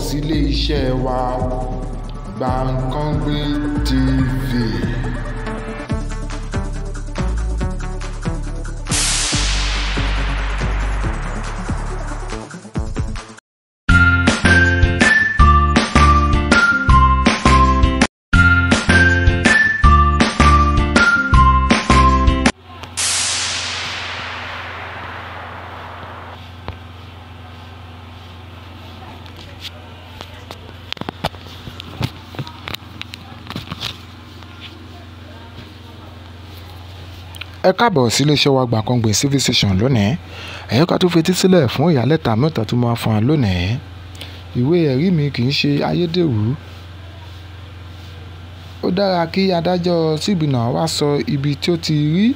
sílé iṣẹ́ wa Gbankanbi TV. ẹ káàbọ̀ sí iléeṣẹ́ wa Gbankanbi civil station lónìí ẹ̀yọ́ ká tó fetí sílẹ̀ fún ìyálẹ́ta mẹ́ta tó máa fún wa lónìí ìwé ẹ̀rí mi kì í ṣe ayédèrú ó dára kí adájọ́ síbìnà wá sọ ibi tí ó ti rí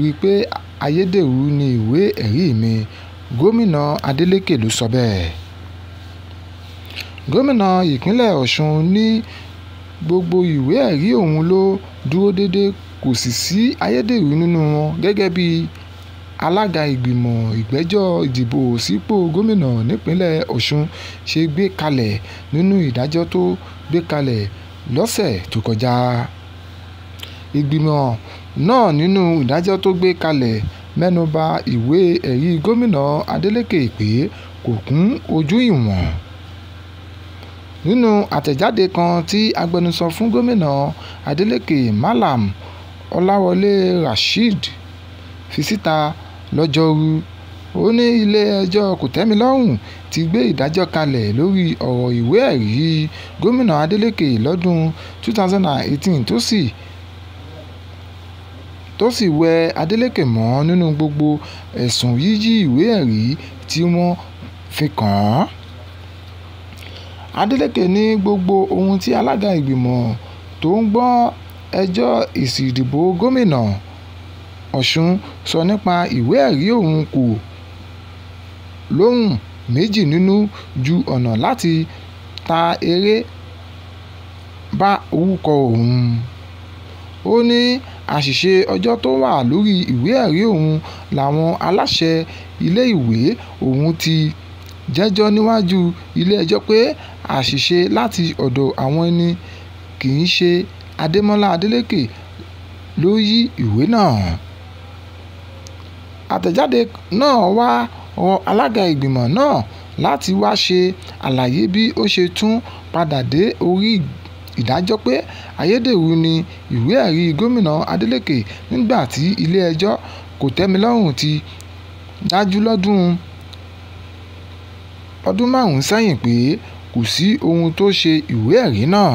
rí i pé ayédèrú ni ìwé ẹ̀rí mi gómìnà Adeleke ló sọ bẹ́ẹ̀ gómìnà ìpínlẹ̀ Ọ̀ṣun ní gbogbo ìwé ẹ̀rí òun ló dúró déédéé kò sì sí ayédèrú nínú wọn gẹ́gẹ́ bí alága ìgbìmọ̀ ìgbẹ́jọ́ ìdìbò sípò gómìnà nípínlẹ̀ Ọ̀ṣun ṣe gbé kalẹ̀ nínú ìdájọ́ tó gbé kalẹ̀ lọ́sẹ̀ tó kọjá. Ìgbìmọ̀ náà nínú ìdájọ́ tó gbé kalẹ̀ mẹ́nubà ìwé ẹ̀rí gómìnà Adeleke pé kò kún ojú ìwọ̀n. Nínú àtẹ̀jáde kan tí agbẹnusọ fún gómìnà Adeleke malam ọ̀làwọlé rasheed fi síta lọ́jọ́rùú ó ní ilé-ẹjọ́ kòtẹ́milọ́rùn ti gbé ìdájọ́ kalẹ̀ lórí ọ̀rọ̀ ìwé-ẹ̀rí gómìnà adeleke lọ́dún 2018 tó sì tó sì wẹ adeleke mọ́ nínú gbogbo ẹ̀sùn yíyí ìwé-ẹ̀rí tí wọ́n fi kàn án. adeleke ní gbogbo ohun tí alága ìgbìmọ̀ tó ń gbọ́ ẹjọ́ èsì ìdìbò gómìnà Ọ̀ṣun sọ nípa ìwé-ẹ̀rí òun kò lóhùn méjì nínú ju ọ̀nà láti ta eré ba orúkọ òun. Ó ní àṣìṣe òjò tó wà lórí ìwé-ẹ̀rí òun làwọn aláṣẹ ilé-ìwé òun ti jẹ́jọ́ níwájú ilé-ẹjọ́ pé àṣìṣe láti ọ̀dọ̀ àwọn ni kì í ṣe Adémọ́lá Adeleke ló yí ìwé náà. Àtẹ̀jáde náà wá rọ alága ìgbìmọ̀ náà láti wá ṣe àlàyé bí ó ṣe tún padà dé orí ìdájọ́ pé ayédèrú ni ìwé-ẹ̀rí gómìnà Adeleke nígbà tí ilé-ẹjọ́ kòtẹ́milọ́rùn ti dájú lọ́dún márùn-ún sẹ́yìn pé kò sí ohun tó ṣe ìwé-ẹ̀rí náà.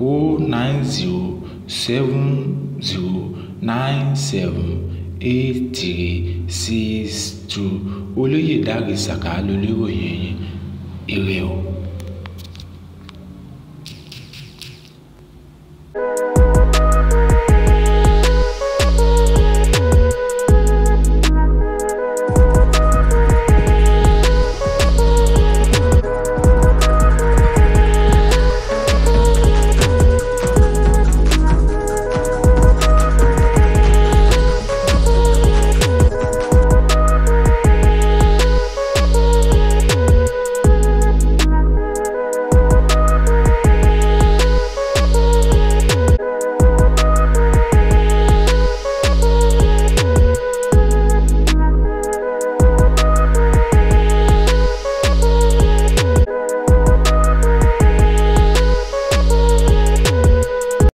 o nine zero seven zero nine seven eight three six two olóyèdárì sàká lolóròyìn yín ire o